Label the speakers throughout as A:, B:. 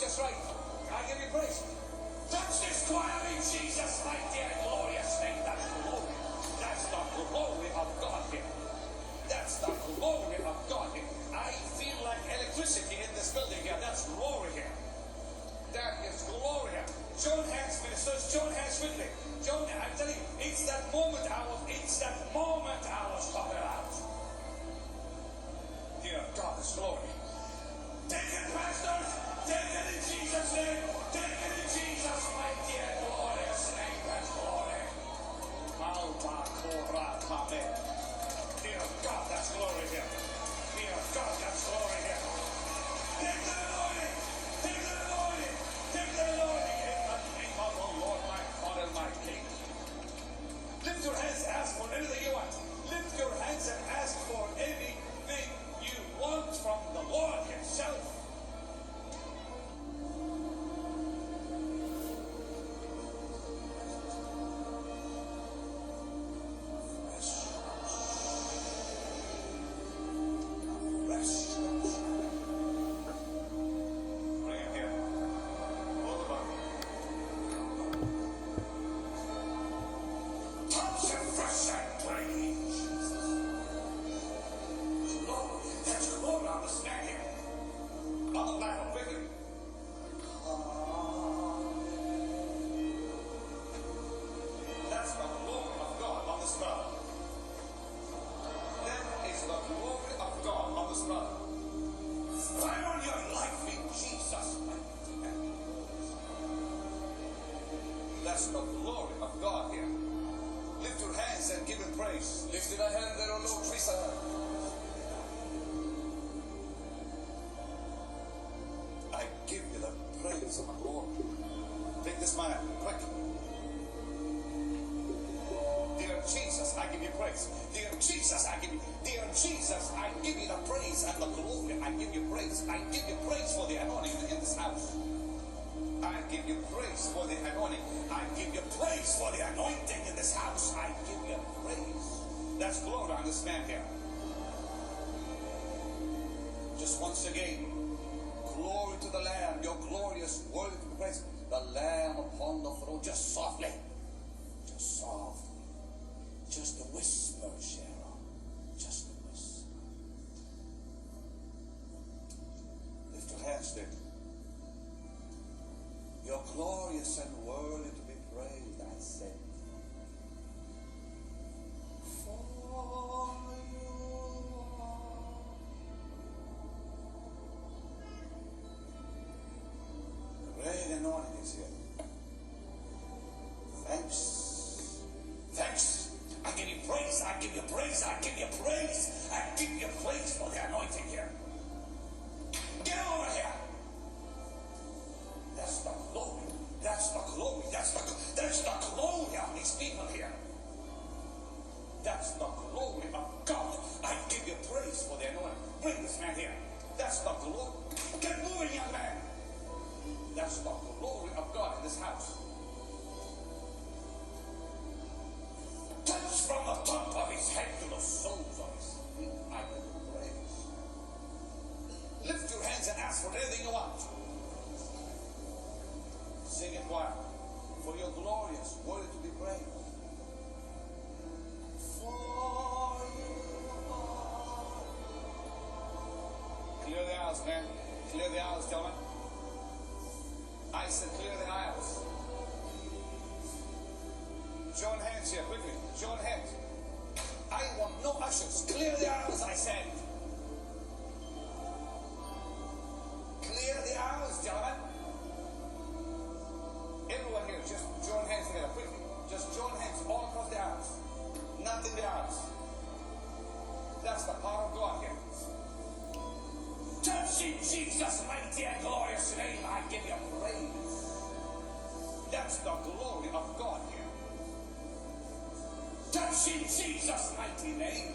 A: is just right. I give you praise. this choir in Jesus' mighty and glorious name. That's glory. That's the glory of God here. That's the glory of God here. I feel like electricity in this building here. That's glory here. That is glory here. John has ministers. John has with John, I'm telling you, it's that moment I was, it's that moment I was talking about. Dear God, it's glory. Take it, pastors! give someone roar. Take this man out, quick. Dear Jesus, I give you praise. Dear Jesus, I give you. Dear Jesus, I give you the praise and the glory. I give you praise. I give you praise for the anointing in this house. I give you praise for the anointing. I give you praise for the anointing in this house. I give you praise. That's glory on this man here. Just once again this world to rest, the Lamb upon the throne, just softly, just softly, just a whisper, Cheryl, just a whisper. Lift your hands there. You're glorious and here. Thanks. the aisles, gentlemen. I said clear the aisles. John Hands here, quickly. John Hands. I want no ushers. Clear the aisles, I said. Mighty and glorious name, I give you praise. That's the glory of God here. Touch in Jesus' mighty name.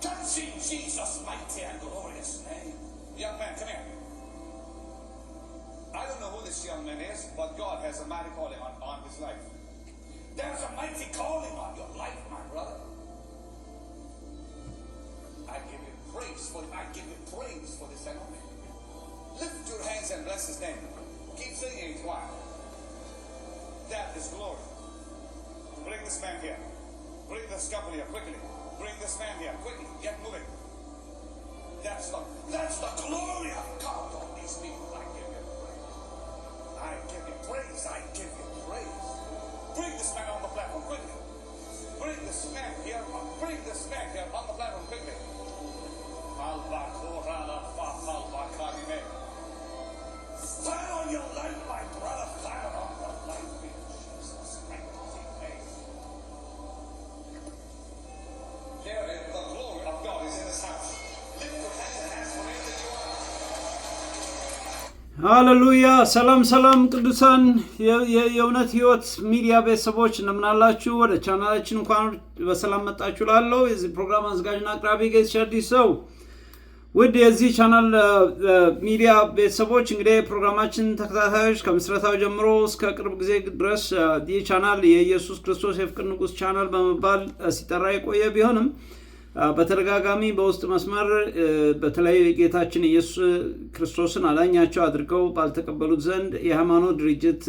A: Touch in Jesus' mighty and glorious name. Young man, come here. I don't know who this young man is, but God has a mighty calling on, on his life. There's a mighty calling on your life, my brother. I give you praise for I give you praise for this anointing. That's his name. Keep singing choir. That is glory. Bring this man here. Bring this couple here quickly. Bring this man here quickly. Get moving. That's the that's the glory of God on these people. I give you praise. I give you praise. I give you praise. Bring this man on the platform quickly. Bring this man here. Bring this man here on the platform quickly.
B: ሃሌሉያ ሰላም ሰላም፣ ቅዱሳን የእውነት ህይወት ሚዲያ ቤተሰቦች እንደምናላችሁ፣ ወደ ቻናላችን እንኳን በሰላም መጣችሁ። ላለው የዚህ ፕሮግራም አዘጋጅና አቅራቢ ጌትሽ አዲስ ሰው። ውድ የዚህ ቻናል ሚዲያ ቤተሰቦች እንግዲህ ፕሮግራማችን ተከታታዮች ከምስረታው ጀምሮ እስከ ቅርብ ጊዜ ድረስ ይህ ቻናል የኢየሱስ ክርስቶስ የፍቅር ንጉስ ቻናል በመባል ሲጠራ የቆየ ቢሆንም በተደጋጋሚ በውስጥ መስመር በተለይ ጌታችን ኢየሱስ ክርስቶስን አዳኛቸው አድርገው ባልተቀበሉት ዘንድ የሃይማኖት ድርጅት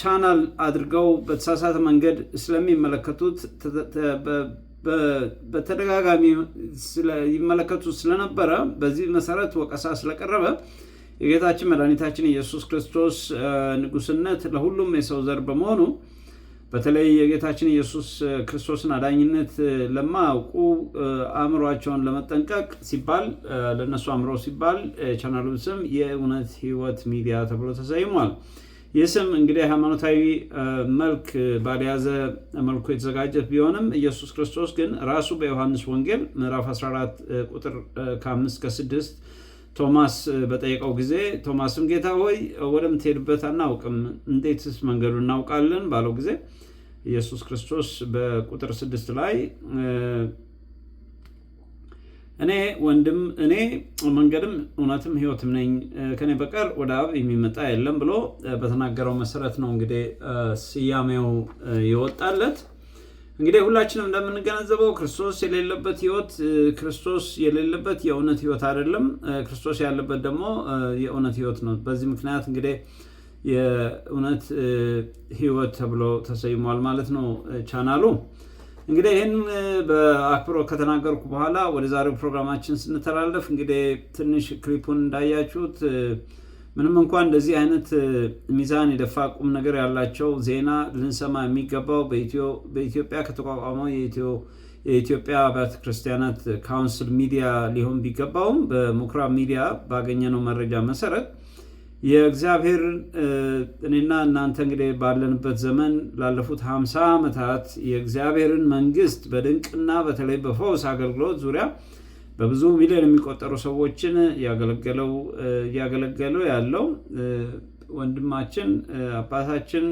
B: ቻናል አድርገው በተሳሳተ መንገድ ስለሚመለከቱት በተደጋጋሚ ይመለከቱት ስለነበረ በዚህ መሰረት ወቀሳ ስለቀረበ የጌታችን መድኃኒታችን ኢየሱስ ክርስቶስ ንጉስነት ለሁሉም የሰው ዘር በመሆኑ በተለይ የጌታችን ኢየሱስ ክርስቶስን አዳኝነት ለማያውቁ አእምሯቸውን ለመጠንቀቅ ሲባል ለእነሱ አእምሮ ሲባል ቻናሉን ስም የእውነት ህይወት ሚዲያ ተብሎ ተሰይሟል። ይህ ስም እንግዲህ ሃይማኖታዊ መልክ ባልያዘ መልኩ የተዘጋጀ ቢሆንም ኢየሱስ ክርስቶስ ግን ራሱ በዮሐንስ ወንጌል ምዕራፍ 14 ቁጥር ከ5 ከ6 ቶማስ በጠየቀው ጊዜ ቶማስም ጌታ ሆይ ወደምትሄድበት አናውቅም፣ እንዴትስ መንገዱ እናውቃለን ባለው ጊዜ ኢየሱስ ክርስቶስ በቁጥር ስድስት ላይ እኔ ወንድም እኔ መንገድም እውነትም ሕይወትም ነኝ ከኔ በቀር ወደ አብ የሚመጣ የለም ብሎ በተናገረው መሰረት ነው እንግዲህ ስያሜው የወጣለት። እንግዲህ ሁላችንም እንደምንገነዘበው ክርስቶስ የሌለበት ህይወት ክርስቶስ የሌለበት የእውነት ህይወት አይደለም። ክርስቶስ ያለበት ደግሞ የእውነት ህይወት ነው። በዚህ ምክንያት እንግዲህ የእውነት ህይወት ተብሎ ተሰይሟል ማለት ነው ቻናሉ። እንግዲህ ይህን በአክብሮ ከተናገርኩ በኋላ ወደ ዛሬው ፕሮግራማችን ስንተላለፍ እንግዲህ ትንሽ ክሊፑን እንዳያችሁት ምንም እንኳን እንደዚህ አይነት ሚዛን የደፋ ቁም ነገር ያላቸው ዜና ልንሰማ የሚገባው በኢትዮጵያ ከተቋቋመው የኢትዮጵያ አብያተ ክርስቲያናት ካውንስል ሚዲያ ሊሆን ቢገባውም በምኩራብ ሚዲያ ባገኘነው መረጃ መሰረት የእግዚአብሔር እኔና እናንተ እንግዲህ ባለንበት ዘመን ላለፉት 50 ዓመታት የእግዚአብሔርን መንግስት በድንቅና በተለይ በፈውስ አገልግሎት ዙሪያ በብዙ ሚሊዮን የሚቆጠሩ ሰዎችን እያገለገሉ ያለው ወንድማችን አባታችን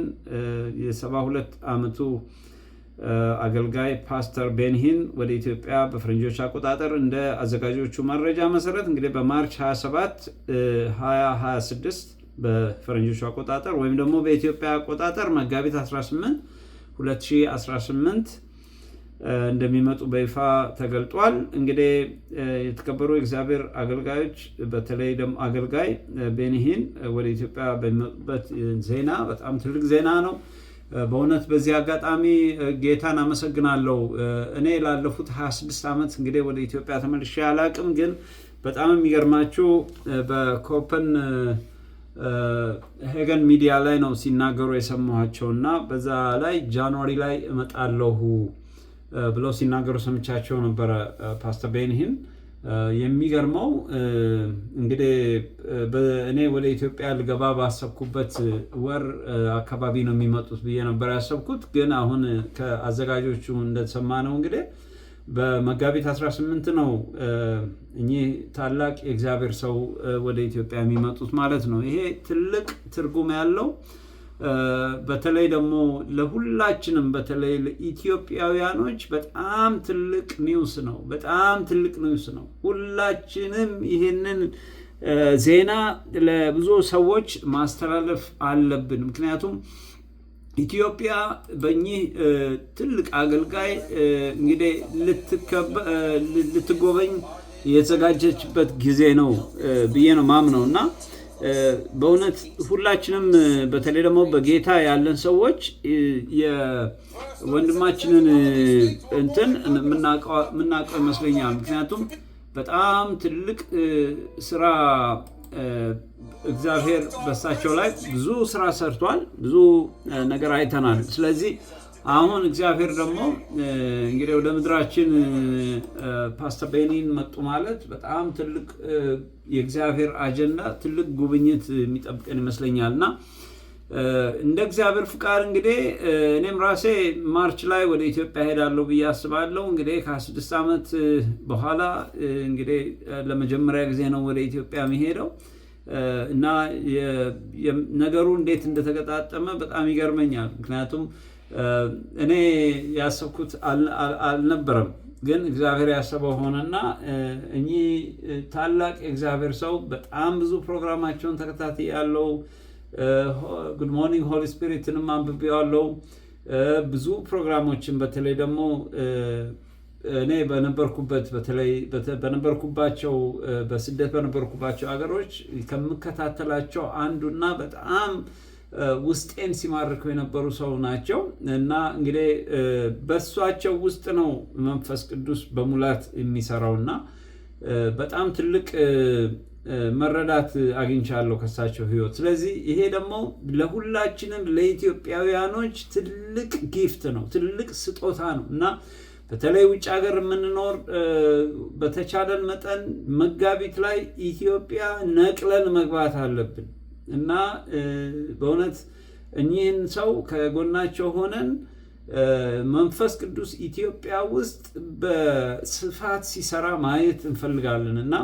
B: የሰባ ሁለት ዓመቱ አገልጋይ ፓስተር ቤንሂን ወደ ኢትዮጵያ በፈረንጆች አቆጣጠር እንደ አዘጋጆቹ መረጃ መሰረት እንግዲህ በማርች 27 2026 በፈረንጆቹ አቆጣጠር ወይም ደግሞ በኢትዮጵያ አቆጣጠር መጋቢት 18 2018 እንደሚመጡ በይፋ ተገልጧል። እንግዲህ የተከበሩ የእግዚአብሔር አገልጋዮች በተለይ ደግሞ አገልጋይ ቤኒሂን ወደ ኢትዮጵያ በሚመጡበት ዜና በጣም ትልቅ ዜና ነው። በእውነት በዚህ አጋጣሚ ጌታን አመሰግናለሁ። እኔ ላለፉት 26 ዓመት እንግዲህ ወደ ኢትዮጵያ ተመልሼ አላቅም፣ ግን በጣም የሚገርማችሁ በኮፐን ሄገን ሚዲያ ላይ ነው ሲናገሩ የሰማኋቸው እና በዛ ላይ ጃንዋሪ ላይ እመጣለሁ ብለው ሲናገሩ ሰምቻቸው ነበረ ፓስተር ቤንሂን። የሚገርመው እንግዲህ እኔ ወደ ኢትዮጵያ ልገባ ባሰብኩበት ወር አካባቢ ነው የሚመጡት ብዬ ነበር ያሰብኩት። ግን አሁን ከአዘጋጆቹ እንደተሰማ ነው እንግዲህ በመጋቢት 18 ነው እኚህ ታላቅ የእግዚአብሔር ሰው ወደ ኢትዮጵያ የሚመጡት ማለት ነው። ይሄ ትልቅ ትርጉም ያለው በተለይ ደግሞ ለሁላችንም በተለይ ለኢትዮጵያውያኖች በጣም ትልቅ ኒውስ ነው። በጣም ትልቅ ኒውስ ነው። ሁላችንም ይህንን ዜና ለብዙ ሰዎች ማስተላለፍ አለብን። ምክንያቱም ኢትዮጵያ በእኚህ ትልቅ አገልጋይ እንግዲህ ልትጎበኝ የተዘጋጀችበት ጊዜ ነው ብዬ ነው ማምነው እና በእውነት ሁላችንም በተለይ ደግሞ በጌታ ያለን ሰዎች የወንድማችንን እንትን የምናውቀው ይመስለኛል። ምክንያቱም በጣም ትልቅ ስራ እግዚአብሔር በሳቸው ላይ ብዙ ስራ ሰርቷል። ብዙ ነገር አይተናል። ስለዚህ አሁን እግዚአብሔር ደግሞ እንግዲህ ወደ ምድራችን ፓስተር ቤኒን መጡ ማለት በጣም ትልቅ የእግዚአብሔር አጀንዳ ትልቅ ጉብኝት የሚጠብቀን ይመስለኛል እና እንደ እግዚአብሔር ፍቃድ እንግዲህ እኔም ራሴ ማርች ላይ ወደ ኢትዮጵያ ሄዳለሁ ብዬ አስባለሁ። እንግዲህ ከ ዓመት በኋላ እንግዲህ ለመጀመሪያ ጊዜ ነው ወደ ኢትዮጵያ የሚሄደው እና ነገሩ እንዴት እንደተገጣጠመ በጣም ይገርመኛል ምክንያቱም እኔ ያሰብኩት አልነበረም፣ ግን እግዚአብሔር ያሰበው ሆነና እኚህ ታላቅ የእግዚአብሔር ሰው በጣም ብዙ ፕሮግራማቸውን ተከታታይ ያለው ጉድ ሞርኒንግ ሆሊ ስፒሪትንም አንብቤ ያለው ብዙ ፕሮግራሞችን በተለይ ደግሞ እኔ በነበርኩበት በተለይ በነበርኩባቸው በስደት በነበርኩባቸው ሀገሮች ከምከታተላቸው አንዱና በጣም ውስጤን ሲማርኩ የነበሩ ሰው ናቸው እና እንግዲህ በእሷቸው ውስጥ ነው መንፈስ ቅዱስ በሙላት የሚሰራው እና በጣም ትልቅ መረዳት አግኝቻለሁ ከሳቸው ህይወት ስለዚህ ይሄ ደግሞ ለሁላችንም ለኢትዮጵያውያኖች ትልቅ ጊፍት ነው፣ ትልቅ ስጦታ ነው እና በተለይ ውጭ ሀገር የምንኖር በተቻለን መጠን መጋቢት ላይ ኢትዮጵያ ነቅለን መግባት አለብን። እና በእውነት እኚህን ሰው ከጎናቸው ሆነን መንፈስ ቅዱስ ኢትዮጵያ ውስጥ በስፋት ሲሰራ ማየት እንፈልጋለን እና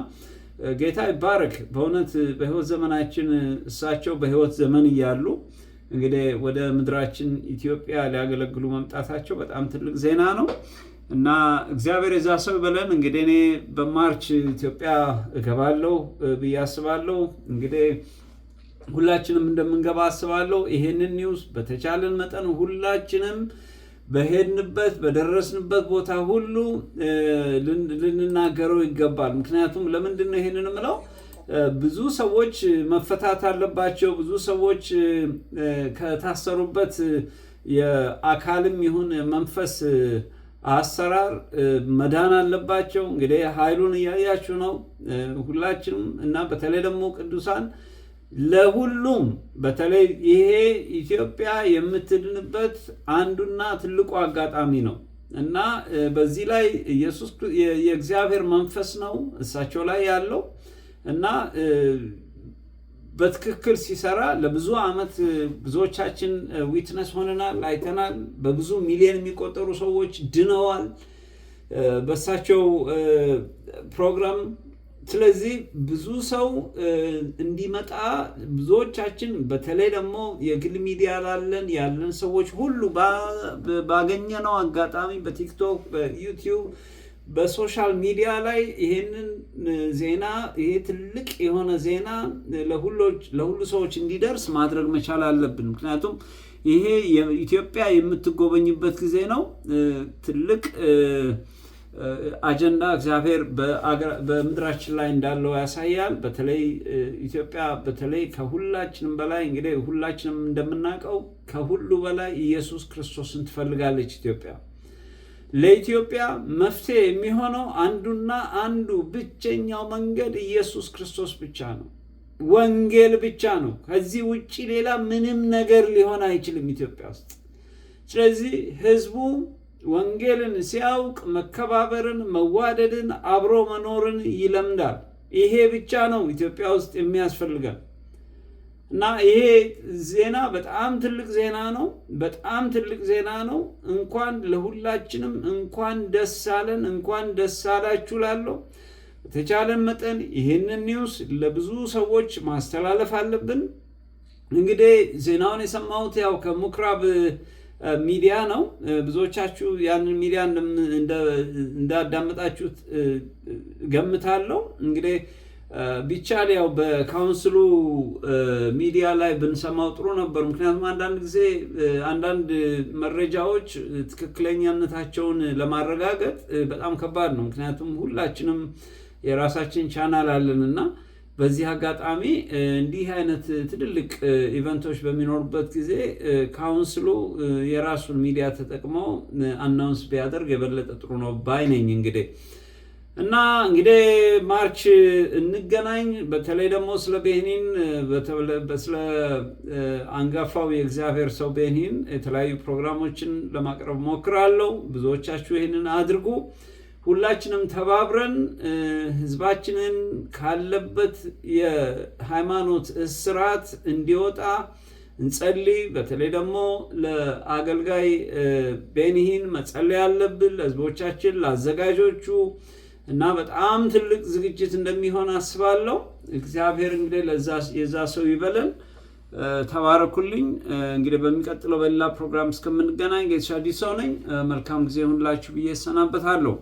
B: ጌታ ይባረክ። በእውነት በህይወት ዘመናችን እሳቸው በህይወት ዘመን እያሉ እንግዲህ ወደ ምድራችን ኢትዮጵያ ሊያገለግሉ መምጣታቸው በጣም ትልቅ ዜና ነው እና እግዚአብሔር የዛ ሰው በለን። እንግዲህ እኔ በማርች ኢትዮጵያ እገባለሁ ብዬ አስባለሁ እንግዲህ ሁላችንም እንደምንገባ አስባለሁ። ይሄንን ኒውስ በተቻለን መጠን ሁላችንም በሄድንበት በደረስንበት ቦታ ሁሉ ልንናገረው ይገባል። ምክንያቱም ለምንድን ነው ይሄንን ምለው? ብዙ ሰዎች መፈታት አለባቸው። ብዙ ሰዎች ከታሰሩበት የአካልም ይሁን መንፈስ አሰራር መዳን አለባቸው። እንግዲህ ኃይሉን እያያችሁ ነው ሁላችንም እና በተለይ ደግሞ ቅዱሳን ለሁሉም በተለይ ይሄ ኢትዮጵያ የምትድንበት አንዱና ትልቁ አጋጣሚ ነው እና በዚህ ላይ ኢየሱስ የእግዚአብሔር መንፈስ ነው እሳቸው ላይ ያለው እና በትክክል ሲሰራ ለብዙ ዓመት ብዙዎቻችን ዊትነስ ሆነናል፣ አይተናል። በብዙ ሚሊዮን የሚቆጠሩ ሰዎች ድነዋል በእሳቸው ፕሮግራም ስለዚህ ብዙ ሰው እንዲመጣ ብዙዎቻችን በተለይ ደግሞ የግል ሚዲያ ላለን ያለን ሰዎች ሁሉ ባገኘነው አጋጣሚ በቲክቶክ፣ በዩቲዩብ፣ በሶሻል ሚዲያ ላይ ይሄንን ዜና ይሄ ትልቅ የሆነ ዜና ለሁሉ ሰዎች እንዲደርስ ማድረግ መቻል አለብን። ምክንያቱም ይሄ ኢትዮጵያ የምትጎበኝበት ጊዜ ነው። ትልቅ አጀንዳ እግዚአብሔር በምድራችን ላይ እንዳለው ያሳያል። በተለይ ኢትዮጵያ በተለይ ከሁላችንም በላይ እንግዲህ ሁላችንም እንደምናውቀው ከሁሉ በላይ ኢየሱስ ክርስቶስን ትፈልጋለች ኢትዮጵያ። ለኢትዮጵያ መፍትሄ የሚሆነው አንዱና አንዱ ብቸኛው መንገድ ኢየሱስ ክርስቶስ ብቻ ነው፣ ወንጌል ብቻ ነው። ከዚህ ውጭ ሌላ ምንም ነገር ሊሆን አይችልም ኢትዮጵያ ውስጥ። ስለዚህ ህዝቡ ወንጌልን ሲያውቅ መከባበርን፣ መዋደድን፣ አብሮ መኖርን ይለምዳል። ይሄ ብቻ ነው ኢትዮጵያ ውስጥ የሚያስፈልጋል። እና ይሄ ዜና በጣም ትልቅ ዜና ነው። በጣም ትልቅ ዜና ነው። እንኳን ለሁላችንም እንኳን ደስ አለን፣ እንኳን ደስ አላችሁ ላለው በተቻለን መጠን ይህንን ኒውስ ለብዙ ሰዎች ማስተላለፍ አለብን። እንግዲህ ዜናውን የሰማሁት ያው ከምኩራብ ሚዲያ ነው። ብዙዎቻችሁ ያንን ሚዲያ እንዳዳመጣችሁት ገምታለሁ። እንግዲህ ቢቻል ያው በካውንስሉ ሚዲያ ላይ ብንሰማው ጥሩ ነበር። ምክንያቱም አንዳንድ ጊዜ አንዳንድ መረጃዎች ትክክለኛነታቸውን ለማረጋገጥ በጣም ከባድ ነው። ምክንያቱም ሁላችንም የራሳችን ቻናል አለንና በዚህ አጋጣሚ እንዲህ አይነት ትልልቅ ኢቨንቶች በሚኖሩበት ጊዜ ካውንስሉ የራሱን ሚዲያ ተጠቅሞ አናውንስ ቢያደርግ የበለጠ ጥሩ ነው ባይ ነኝ። እንግዲህ እና እንግዲህ ማርች እንገናኝ። በተለይ ደግሞ ስለ ቤኒን ስለ አንጋፋው የእግዚአብሔር ሰው ቤኒን የተለያዩ ፕሮግራሞችን ለማቅረብ ሞክራለሁ። ብዙዎቻችሁ ይህንን አድርጉ። ሁላችንም ተባብረን ህዝባችንን ካለበት የሃይማኖት እስራት እንዲወጣ እንጸልይ። በተለይ ደግሞ ለአገልጋይ ቤኒሂን መጸለይ አለብን፣ ለህዝቦቻችን፣ ለአዘጋጆቹ እና በጣም ትልቅ ዝግጅት እንደሚሆን አስባለሁ። እግዚአብሔር እንግዲህ የዛ ሰው ይበለን። ተባረኩልኝ። እንግዲህ በሚቀጥለው በሌላ ፕሮግራም እስከምንገናኝ ጌትሻ ዲሶ ነኝ። መልካም ጊዜ ሁንላችሁ ብዬ እሰናበታለሁ።